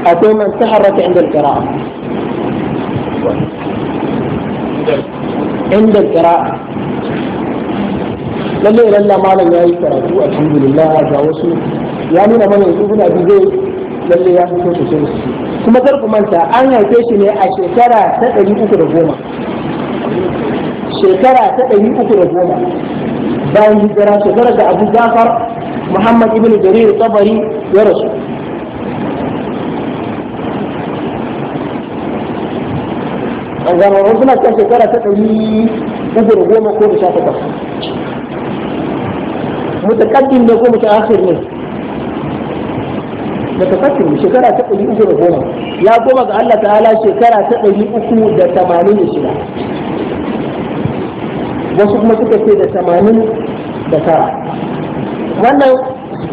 اتو من عند القراءة عند القراءة لله إلا الله مالا يا إيه الحمد لله هذا وصول يعني لما يسوفنا بذيك لله يا إيه kuma kar ku manta an haife shi ne a shekara ta ɗari uku da goma shekara ta ɗari uku da goma bayan hijira shekara da abu zafar muhammad ibn jarir tabari ya rasu A gama wasu suna kan shekara ta ɗari uku da goma ko da sha takwas mutakaddim ne ta mutaakhir ne mutafakkin shekara ta ɗari uku da goma ya goma ga Allah ta'ala shekara ta ɗari uku da tamanin da shida wasu kuma suka da tamanin da tara wannan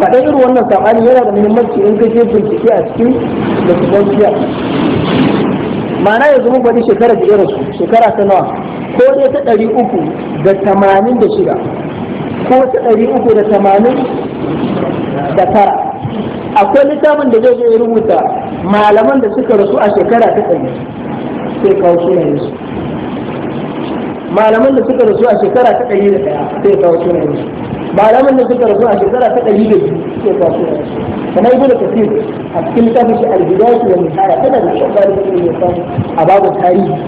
faɗa irin yana da muhimmanci in ka je bincike a cikin da su gaskiya ma'ana yanzu mun gwani shekara da irinsu shekara ta nawa ko dai ta ɗari uku da tamanin da shida ko ta ɗari uku da tamanin da tara akwai littafin da zai ya rubuta malaman da suka rasu a shekara ta ɗari sai kawo suna su malaman da suka rasu a shekara ta ɗari da ɗaya sai kawo suna su malaman da suka rasu a shekara ta ɗari da biyu sai kawo sunayen su kana ibn kasir a cikin littafin shi al-bidayatu wa nihaya tana da shakari da ya samu a babu tarihi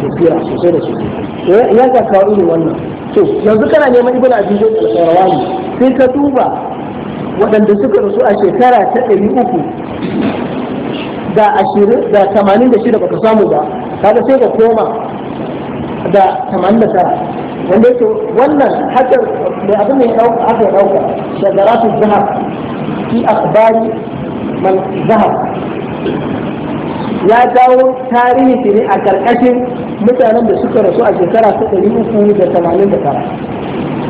da sira sosai da sosai ya ga kawo ne wannan to yanzu kana neman ibn abi zayd al-qayrawani sai ka duba waɗanda suka rasu a shekara ta ɗari uku da ashirin da tamanin da shida baka samu ba kaga sai ka koma da tamanin da tara wanda yake wannan haka mai abin da ya ɗauka haka ya ɗauka shagaratu zahab fi akhbari man zahab ya dawo tarihi ne a ƙarƙashin mutanen da suka rasu a shekara ta ɗari uku da tamanin da tara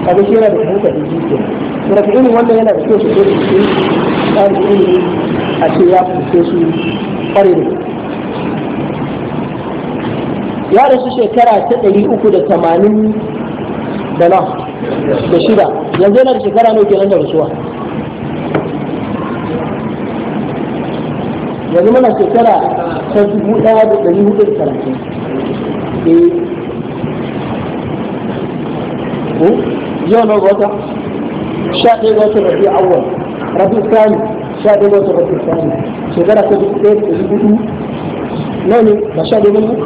kaga shi yana da fahimta da shi ke da ka wannan yana da kyau su da su ce tsarin a ce ya fito su kware da ya rasu shekara ta ɗari uku da tamanin da na da shida yanzu yana da shekara ne kenan da rasuwa yanzu mana shekara ta dubu ɗaya da ɗari hudu da talatin eh. يوم الوضع شاقي وقت ربيع أول ربيع ثاني شاقي وقت ربيع ثاني شجرة بالسير تجيبه نعم ما شاقي منه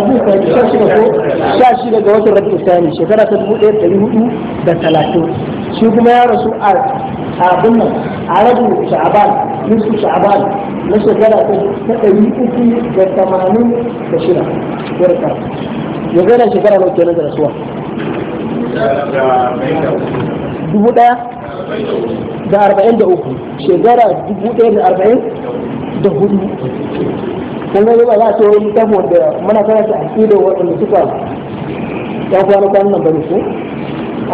ربيع ثاني شاشي وقت شاشي وقت ربيع ثاني شجرة بالسير تجيبه بثلاثون شو كما يا رسول الله abin nan a rabin sha'aban nisfu sha'aban na shekara ta ɗari uku da tamanin da shida shekarar ka yanzu yana shekara nau kenan da rasuwa dubu daya da arba'in da uku shekara dubu daya da arba'in da hudu kun gani ba za a ce wani wanda muna kana ta aƙida waɗanda suka ya kwana kwanan nan ba ne ko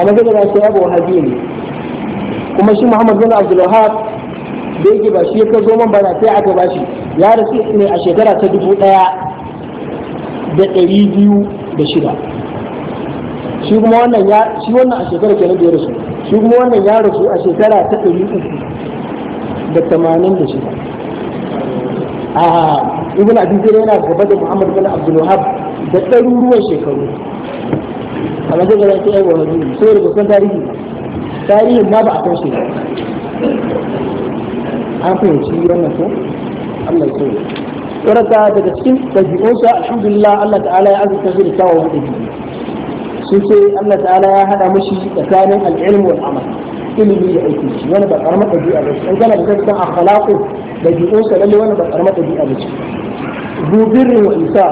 amma zai da shi abu wahabi ne kuma shi muhammad bin abdul wahab da yake ya sai aka rasu ne a shekara ta dubu da ɗari biyu da shida shi kuma wannan ya shi wannan a shekara kenan da ya rasu shi kuma wannan ya rasu a shekara ta ɗari uku da tamanin da shida a ibn abi zai yana gaba da muhammad bin abdul wahab da ɗaruruwan shekaru a wajen da ta yi wa hajji sai da kusan tarihi tarihin ma ba a kan shi an fahimci wannan ko Allah ya saboda daga cikin ɗabi'unsa alhamdulillah Allah ta'ala ya azurta shi da kyawawan ɗabi'u sun ce Allah ta'ala ya hada mashi tsakanin al'ilm wal amal ilimi da aiki shi wani ba karamar ɗabi'a ba in kana da gaskiya akhlaqu ɗabi'unsa lalle wani ba karamar ɗabi'a ba ce dubirin wa isa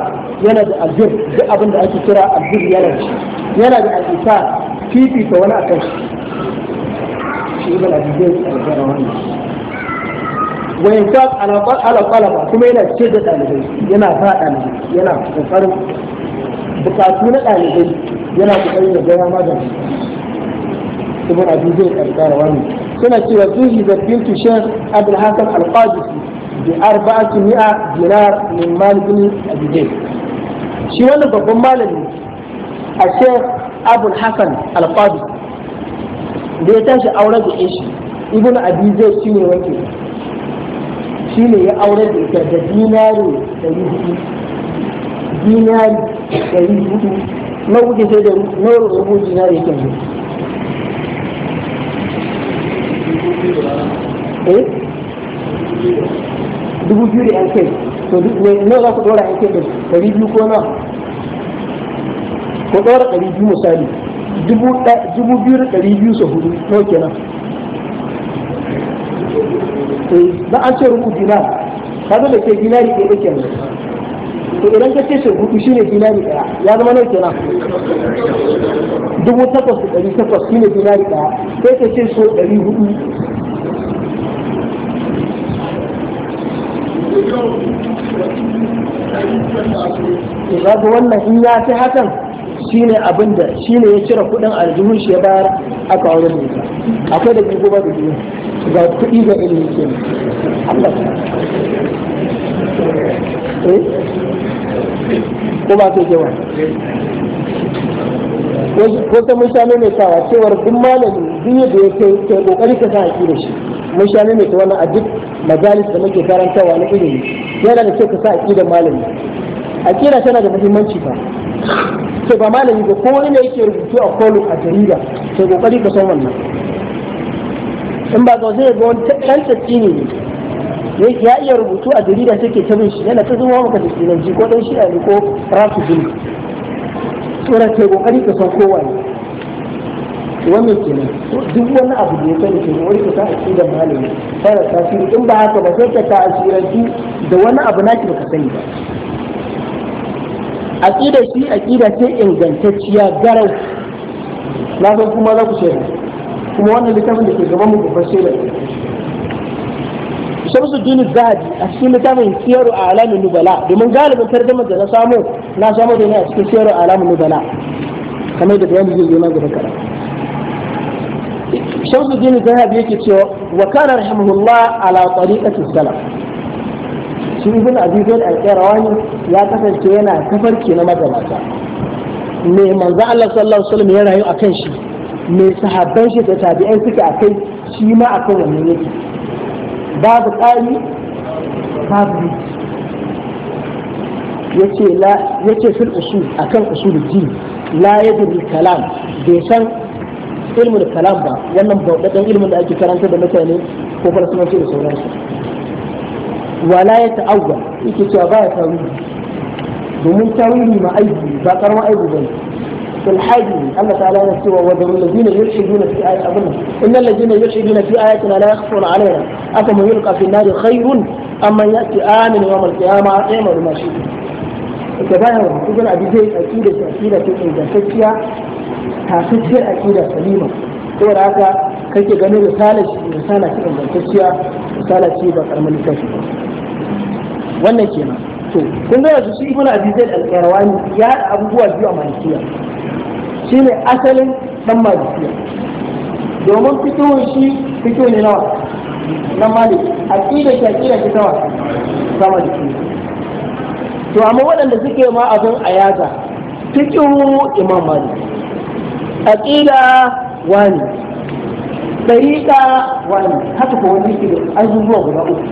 yana da aljir duk abin da ake kira aljir yana da yana da al'isa fifita wani akan shi shi ibn abidin al-jarawani wa infaq ala qalaba kuma yana cike da dalibai yana fa dalibai yana kokarin bukatu na dalibai yana kokarin ya gaya magani ibn abi zai karkara wani suna cewa tuhi da bintu shaykh abul hasan al-qadisi bi arba'ati mi'a dinar min mal ibn shi wannan babban malami a shaykh abul hasan al-qadisi da ya tashi aure da ishi, ibn abi zai shi ne wanke shi ne ya aure da ita da dinari ɗari hudu dinari ɗari hudu na kuke sai da nauro rubu dinari yake ne eh dubu biyu da yan kai to duk ne nawa za ku dora yan kai da dari biyu ko na ku dora dari biyu misali dubu biyu da dari biyu su hudu nawa kenan Eh, na an ce rubu dinar kaga da ke dinari ke yake ne to idan ka ce shirkutu shine dinari daya ya zama nawa kenan dubu takwas da ɗari takwas shine dinari daya sai ka ce so ɗari hudu ga wannan in ya fi hakan ne abin da ne ya cire kudin aljihun shi ya bayar aka wurin akwai da gobe da gobe ga kuɗi ga ilimi ke Allah eh? ko ba sai jawa ko ta mun sha maimaitawa cewar duk malami duk yadda ya kai kai kokari ka sa haƙi da shi mun sha maimaita wannan a duk majalis da muke karantawa na ilimi yana da kyau ka sa haƙi da malami kira tana da muhimmanci fa sai ba malami ba ko wani ne yake rubutu a kolum a jarida sai kokari ka san wannan in ba ga sai ga wani ɗan tattini ne ya iya rubutu a jarida suke ta bin shi yana ta zama maka tattinanci ko ɗan shi a ne ko rafi bin tsoron ke kokari ka san kowa ne wannan kenan duk wani abu da ya sani ke kokari ka san aqidar malami ta tasiri in ba haka ba sai ka ta asiranci da wani abu na naki baka sani ba A ƙida shi a ƙida ce ingantacciya garau na san kuma za ku shaidu kuma wannan littafin da ke gaban mu babbar shaida shamsu dini zahabi a cikin littafin siyaru a alamin nubala domin galibin tarjamar da na samu na samu da ne a cikin siyaru a alamin nubala kamar da bayani zai zo na gaba kara shamsu dini zahabi yake cewa wa kana rahimahullah ala tariqati salaf shi ibn abi zaid al-qirawani ya kasance yana kafarki na magabata me manzo Allah sallallahu alaihi wasallam ya rayu akan shi mai sahabban shi da tabi'ai suke a kai shi ma a kan wannan yake babu ƙari babu yake yake fil usul akan usul ji la yadul kalam bai san ilmin kalam ba wannan bauɗaɗɗen ilmin da ake karanta da mutane ko falsafanci da sauransu wala ya ta'awwa yake cewa ba ya tawili domin tawili ma aibu ba karamar aibu bane في الحج الله تعالى يقول وذروا الذين يلحدون في آية أظن إن الذين يلحدون في آياتنا لا يخفون علينا أفهم يلقى في النار خير أم من يأتي آمن يوم القيامة اعمل ما شئت تباهوا إذن أبي زيد أكيدة أكيدة إنجازية تاسيسية أكيدة سليمة هو هذا كيف ganin risalar رسالة ce ingantacciya risala ce ba karamin littafi ba wannan kenan to kun ga yanzu shi ibnu abi zaid القيامة shi ne asalin ɗan malikiya domin fitowar shi fito ne nawa na malik aƙida shi a aƙida shi nawa ta maliki to amma waɗanda suke ma abin a yaza fito imam malik aƙida wani ɗariƙa wani haka kuma wani ke da azuzuwa guda uku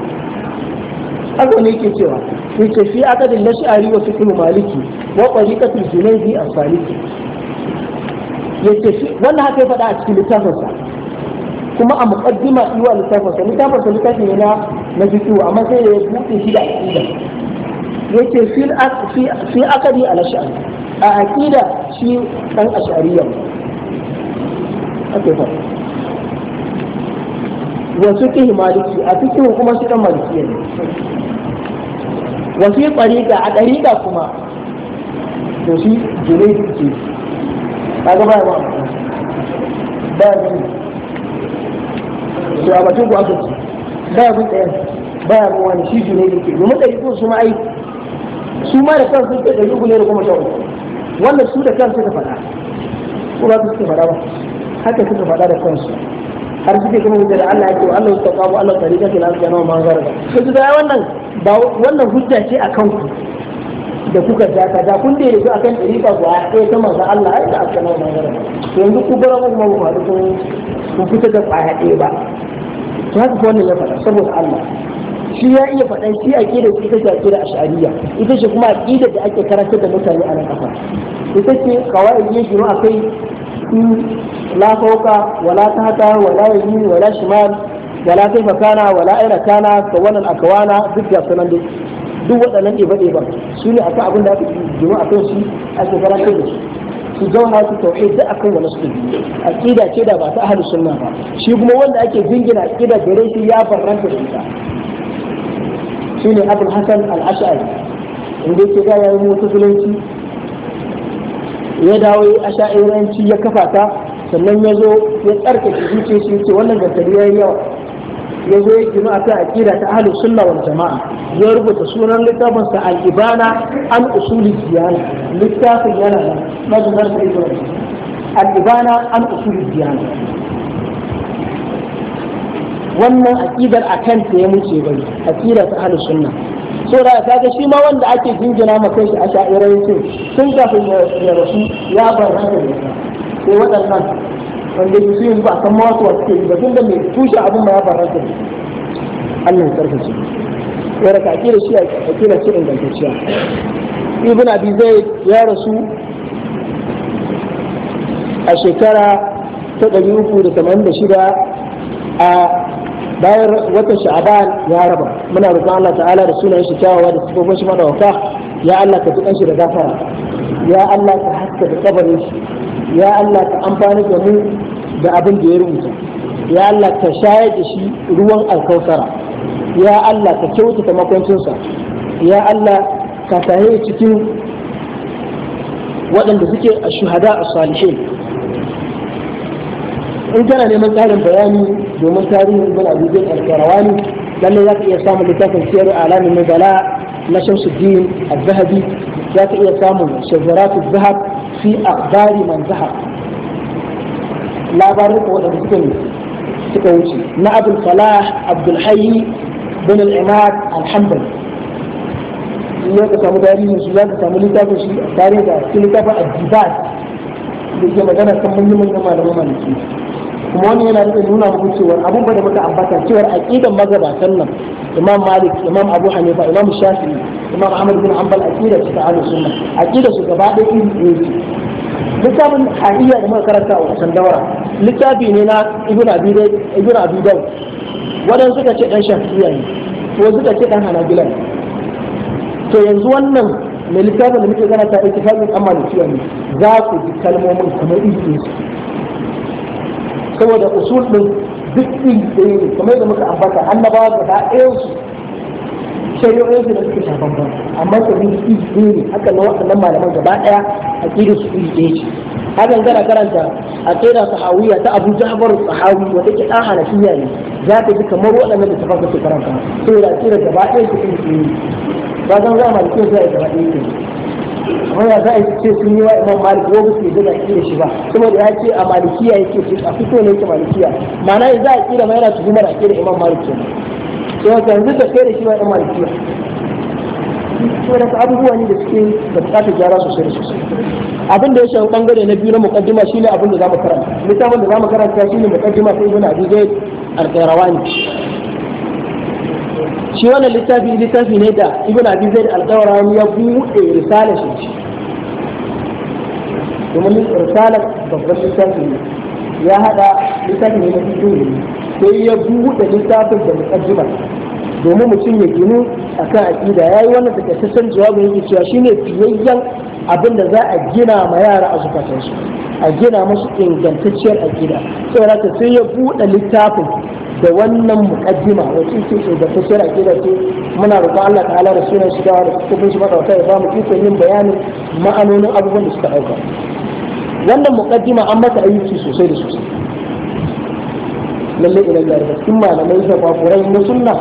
haka ne ke cewa fi shi akadin shi'ari wa fikin maliki wa ƙwariƙatul junaibi a saliki yake shi wannan haka ya faɗa a cikin littafinsa kuma a muqaddima iwa littafinsa littafinsa littafin ne na jikiwa amma sai ya buɗe shi da aƙida yake fil fi fi aqdi al a aƙida shi dan ash'ariyya ake faɗa wa fiqh maliki a cikin kuma shi ɗan maliki ne wa fi tariqa a tariqa kuma to shi junayd ce kaga baya ba baya ba to a batun ku aka baya bin ɗayan baya bin wani shi ne da ke domin ɗari ko su ma ai su ma da kansu suke ɗari uku ne da kuma sha uku wannan su da kansu suka faɗa ko ba su suka faɗa ba haka suka faɗa da kansu har suke kuma hujja da Allah ya yake Allah ta kawo Allah tarika kila aljanna ma zarga su da wannan ba wannan hujja ce akan ku da kuka jaka da kun da yanzu akan ɗariƙa ku a ɗaya ta manzan Allah ai da aka nan magana yanzu ku bar mu kuma ba kun kun fita da ƙwaya ɗaya ba to haka ko wannan ya faɗa saboda Allah shi ya iya faɗan shi da ce ita ce aƙida ash'ariyya ita ce kuma aƙida da ake karanta da mutane a nan ƙasa ita ce kawai yin shiru akai la fauka wala tahta wala yamin wala shimal wala kaifa kana wala aina kana kawanan akawana duk ga sanan dai duk waɗannan ɗeba ɗeba su ne akan abin da aka jima a kan su ake ta da su su zauna su tauhe duk akan wani su aqida ce da ba ta ahlus sunna ba shi kuma wanda ake jingina aqida gare shi ya faranta da ita ne abin hasan al-ash'ari inda yake yi yayin mutazilanci ya dawo asha'iranci ya kafa ta sannan ya zo ya tsarkake shi ce wannan gantari yi yawa ya zo ya gino akan aqida ta ahlus sunna wal jamaa ya rubuta sunan littafin sa al ibana an usuli diyana littafin yana nan mazunar da ibn al ibana an usuli diyana wannan aqidar akan ta ya muce bai aqida ta ahlus sunna saboda kaga shi ma wanda ake jingina ma kai shi a sha'irai sun kafin ya rasu ya bar hankali sai waɗannan wanda su yanzu ba a san mawasu wasu ke yi ba tun da mai tushe abin ma ya fara da su Allah ya karkace ya raka akira shi akira shi ingantacciya ibn abi zai ya rasu a shekara ta ɗari uku da tamanin da shida a bayan watan sha'aban ya raba muna roƙon Allah ta'ala da sunayen shi kyawawa da sifofin shi madawaka ya Allah ka ji shi da gafara ya Allah ka haska da kabarin shi ya Allah ka amfani da mu da abin da ya rubuta ya Allah ka shayar da shi ruwan alkausara ya Allah ka kyautata makwancinsa ya Allah ka tahe cikin waɗanda suke a shuhada a salihin in kana neman tsarin bayani domin tarihin ibn abi zaid al za ka iya samun littafin siyar alamin nubala na shamsuddin a zahabi za ka iya samun shazarat zahab fi akhbari man zahar labarin ko wadanda suka ne suka wuce na abul falah abdul hayy bin al-imad al-hanbali ya ka samu tarihin su za ka samu littafin shi tare da su littafin addibat da ke magana kan manyan manyan malaman maliki kuma wani yana da nuna muku cewa abun ba da muka ambata cewa aqidan magabatan nan imam malik imam abu hanifa imam shafi'i imam ahmad bin hanbal aqida su ta ahlus sunna aqida su gaba da iri ne littafin hadiya da muka karanta a wasan dawara littafi ne na ibn abi ibn abi daw wadan suka ce dan shafi'iyya ne ko suka ce dan hanabila to yanzu wannan mai littafin da muke gana karanta ittifaqin amma ne za su ji kalmomin kamar iri ne saboda usul din duk din da ne kamar da muka ambata annabawa gaba da su shari'o'in su da suke shafan ba amma su ne su ɗaya ne haka na waɗannan malaman gaba ɗaya a ƙirin su ɗaya ce hakan gana karanta a ƙera sahawiya ta abu ja'far sahawi wata ke ɗan hanafiya ne za ta ji kamar waɗannan da tafasa su karanta saboda a ƙira gaba ɗaya su ɗaya ne ba zan zama da kyau da ba gaba ɗaya ne kuma ya za a ce sun yi wa imam malik ko ba su yi da kira shi ba saboda ya ce a malikiya yake ce a fito ne yake malikiya ma'ana ya za a kira ma yana da a kira imam malik ke sai ka yanzu ka kai da shi wa imam malikiya saboda abubuwa ne da suke da bukatar gyara sosai da sosai abin da ya shafi bangare na biyu na mukaddima shine abin da zamu karanta littafin da zamu karanta shine mukaddima sai ibn abi zaid al-qayrawani shi wani littafi littafi ne da ibn abi zaid al-dawran ya buɗe risala shi domin risala babban littafi ne ya hada littafi ne mafi dole sai ya buɗe littafin da mukaddima domin mutum ya ginu aƙida Ya yi wannan da takaitaccen jawabin yake cewa shine fiyayyen abin da za a gina ma yara a zukatansu a gina musu ingantacciyar aƙida saboda sai ya buɗe littafin da wannan muqaddima wace ce ce da tafsir da ce muna roƙon Allah ta'ala da sunan shi da kufin shi madauka ya ba mu ikon yin bayanin ma'anonin abubuwan da suka auka. wannan muqaddima an mata ayyuki sosai da sosai lalle idan da cikin malamai da kwafurai na sunna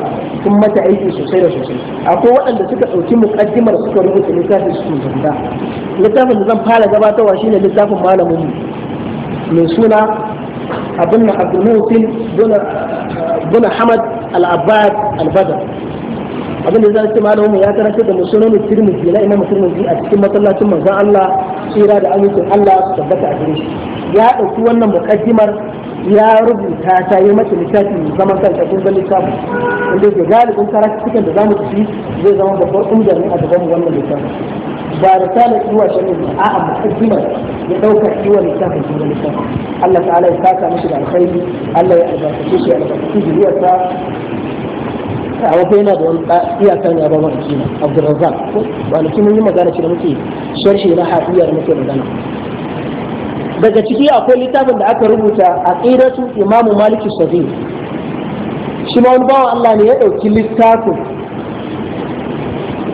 sun mata aiki sosai da sosai akwai waɗanda suka ɗauki muƙaddimar suka rubuta littafin su zanda littafin da zan fara gabatarwa shine littafin malamin mai suna abin na abdulmutin donar bin Hamad al-Abbad al-Badr abin da zai ce mu ya karanta da musulmi tirmidhi na imam tirmidhi a cikin masallacin manzan Allah tsira da amincin Allah su tabbata a gare shi ya ɗauki wannan muqaddimar ya rubuta ta yi mata littafi zaman kanta kun zan littafi wanda ke galibin karatun da zamu ci zai zama babbar ƙungiyar ne a gaban wannan littafi ba da tala kiwa shi ne a a mukaddima ya dauka kiwa littafin kun littafi Allah ta'ala ya saka mishi da alkhairi Allah ya albarkace shi albarkace zuriyarsa a wata yana da wani iyaka ne a baban akina abdulrazak kwanaki mun yi magana shi da muke sharshi na hafiyar muke magana daga ciki akwai littafin da aka rubuta a tsiratu imamu maliki sabi shi ma wani bawan Allah ne ya ɗauki littafin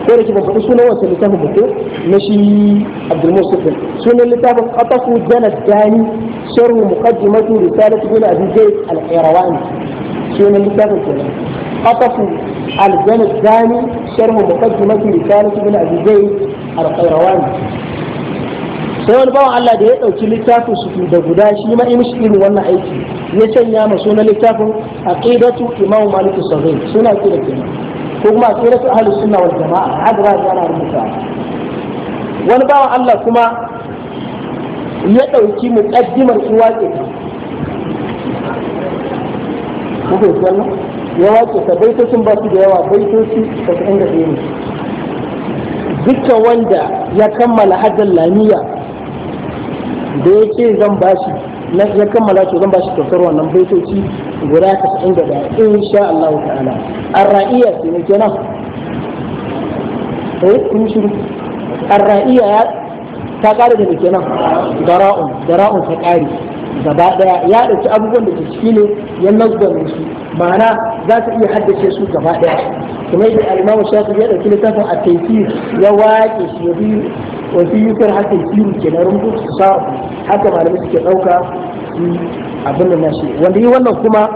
ko da ke basu sunan wasu littafin ba na shi abdulmusufin sunan littafin qatafu janat dani sharhu muqaddimatu risalati ibn abi zayd al-qayrawani sunan littafin kenan qatafu al-janat dani sharhu muqaddimatu risalati ibn abi zayd al-qayrawani sai wani bawan Allah da ya ɗauki littafin su da guda shi ma imishi irin wannan aiki ya canya ma sunan littafin a aqidatu imam malik sahih suna aqida kenan ko kuma a aqidatu ahlus suna wal jamaa haka ba ana rubuta wani bawan Allah kuma ya ɗauki mu muqaddimar su waƙe kuka yi wannan ya waƙe ta baitocin ba su da yawa baitoci 91 ne duka wanda ya kammala haddan lamiya da ya ce zan ba shi, na ya kammala to zan ba shi kyautar wannan baitoci guda sa'in da in insha Allah ta'ala arra'iya ce ne kenan eh kun shiru arra'iya ya ta kare da kenan dara'un dara'un ta ƙare gaba ɗaya ya ɗauki abubuwan da ke ciki ne ya nazgar musu ma'ana za ta iya haddace su gaba ɗaya kuma yadda al-Imam Shafi'i ya dauki littafin a tafsir ya waƙe shi ya bi wa fi yukar haka tiru ke na rubutu su sa haka malamai suke dauka abin da nashi wanda yi wannan kuma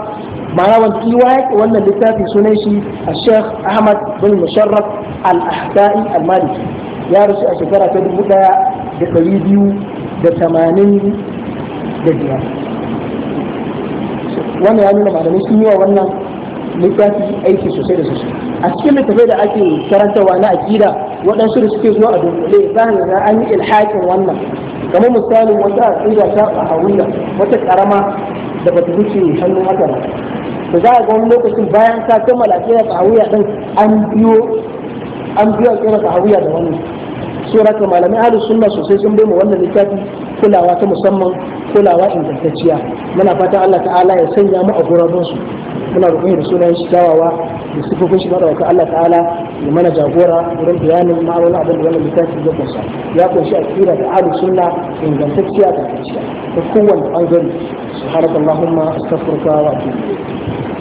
ma'ana wanda yi waƙe wannan littafin sunan shi a Sheikh Ahmad bin Musharraf al ahdai al-Maliki ya rasu a shekara ta dubu ɗaya da ɗari biyu da tamanin da biyar wannan ya nuna malamai sun yi wa wannan littafi aiki sosai da sosai a cikin littafai da ake karantawa na akida waɗansu da suke zuwa a dunkule za ka ga an yi ilhakin wannan kamar misalin wata akida ta hawiya wata karama da bata wuce hannu haka ba to za a ga wani lokacin bayan ka kammala akida ta hawiya din an biyo an biyo akida ta hawiya da wannan sura ka malamai ahlus sunna sosai sun bai mu wannan littafi kulawa ta musamman kulawa ingantacciya muna fatan Allah ta'ala ya sanya mu a gurabun su muna roƙon da sunayen shi kyawawa da sifofin shi madawaka Allah ta'ala ya mana jagora wurin bayanin ma'aunin abin da wannan littafi ya kunsa ya kunshi akira da ahlus sunna ingantacciya da tacciya ta kowanne bangare subhanakallahumma astaghfiruka wa atubu